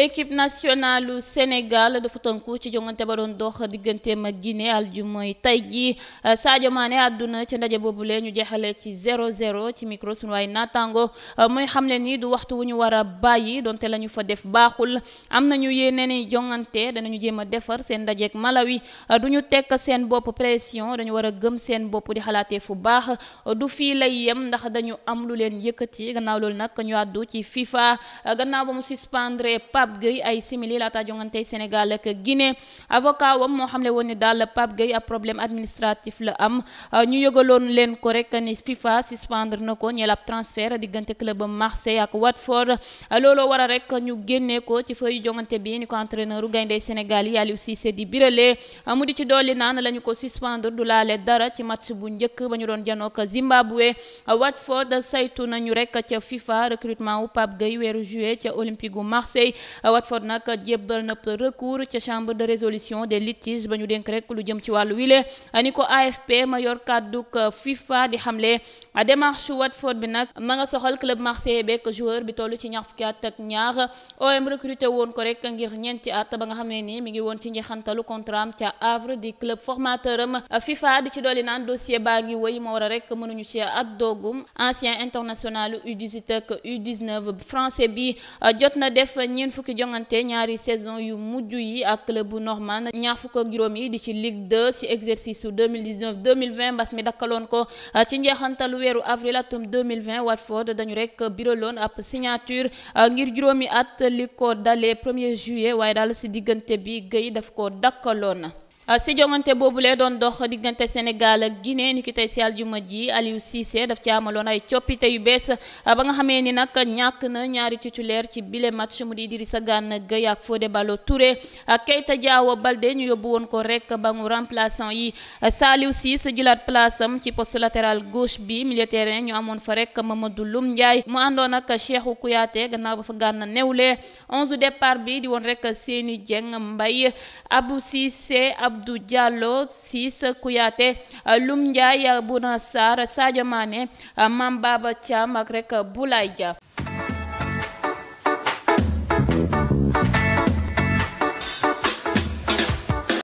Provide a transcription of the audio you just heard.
équipe nationale Sénégal dafa tënku ci jongante ba doon dox digganteem ak Guinée aljumay tey jii euh, Sadio Mané àdduna ci ndaje boobule ñu jeexale ci 0-0 ci micro sunu waay naataango euh, muy xamle ni du waxtu wu ñu war a bàyyi donte lañu fa def baaxul am na ñu yéene ni jongante danañu jéem a defar seen ndajeek Malawi euh, du ñu tekk seen bopp pression dañu war a gëm seen bopp di xalaatee fu baax du fii la yem ndax dañu am lu leen yëkkati gannaaw loolu nag Pape Gueye ay simili laata jongante Sénégal ak Guinée avocat wam moo xam ne woon ni daal Pape Gueye ab problème administratif la am euh, ñu yëgaloon leen ko rek ni FIFA suspendre na ko ñeel ab transfert diggante club Marseille ak a euh, looloo war a rek ñu génnee ko ci feuille jongante bi ni ko entraîneur gaynde Sénégal yi Aliou Cissé birale euh, mu di ci dolli naan la ko suspendre du laale dara ci match bu njëkk ba ñu doon janook Zimbabwe Watford saytu Watford nag jébbal na recours ca chambre de résolution des litiges ba ñu dénk rek lu jëm ci wàllu wile ni ko AFP ma yor kàdduk FIFA di xamle démarche Watford bi nag ma nga soxal club marseillais beeg joueur bi toll ci ñaar fukki at ak ñaar OM recruté woon ko rek ngir ñeenti at ba nga xam ne nii mi ngi woon ci njeexantalu contrat am ca Havre di club formateur am FIFA di ci dolli naan dossier baa ngi wéy moo war a mënuñu ci at doogum ancien U18 ak U19 français bi jot na def fukki jongante ñaari saison yu mujj yi ak club bu Norman ñaar fukk juróom yi di ci lig 2 ci exercice su 2019 2020 mbas mi dakkaloon ko ah, ci njeexantalu weeru avril atum 2020 Watford dañu rekk biraloon ab signature ah, ngir juróomi at li ko dalee 1er juillet waaye daal si diggante bi Gueye daf ko dakkaloon. Euh, si jongante boobu lee doon dox diggante Sénégal ak Guinée ni ki tey si aljuma ji Aliou Cissé daf ci amaloon ay coppite yu bees euh, ba nga xamee ni nag ñàkk na ñaari titulaire ci bile match mu di Idrissa Gana Gueye ak Fodé Ballo-Touré euh, Keita Diawo Baldé ñu yóbbu woon ko rek ba mu remplaçant yi Saliou Ciss jëlaat place am ci poste latéral gauche bi milieu terrain ñu amoon fa rek ma Loum Ndiaye mu àndoon ak Cheikhou Kouyaté gannaaw ba fa Gana newlee onze bi di woon rek Seny Dieng Mbaye Abdou Diallo Ciss Kouyaté euh, Loum Ndiaye Bouna Sarr Sadio Mané euh, Mame Baba Thiam ak rek Boulaye Dia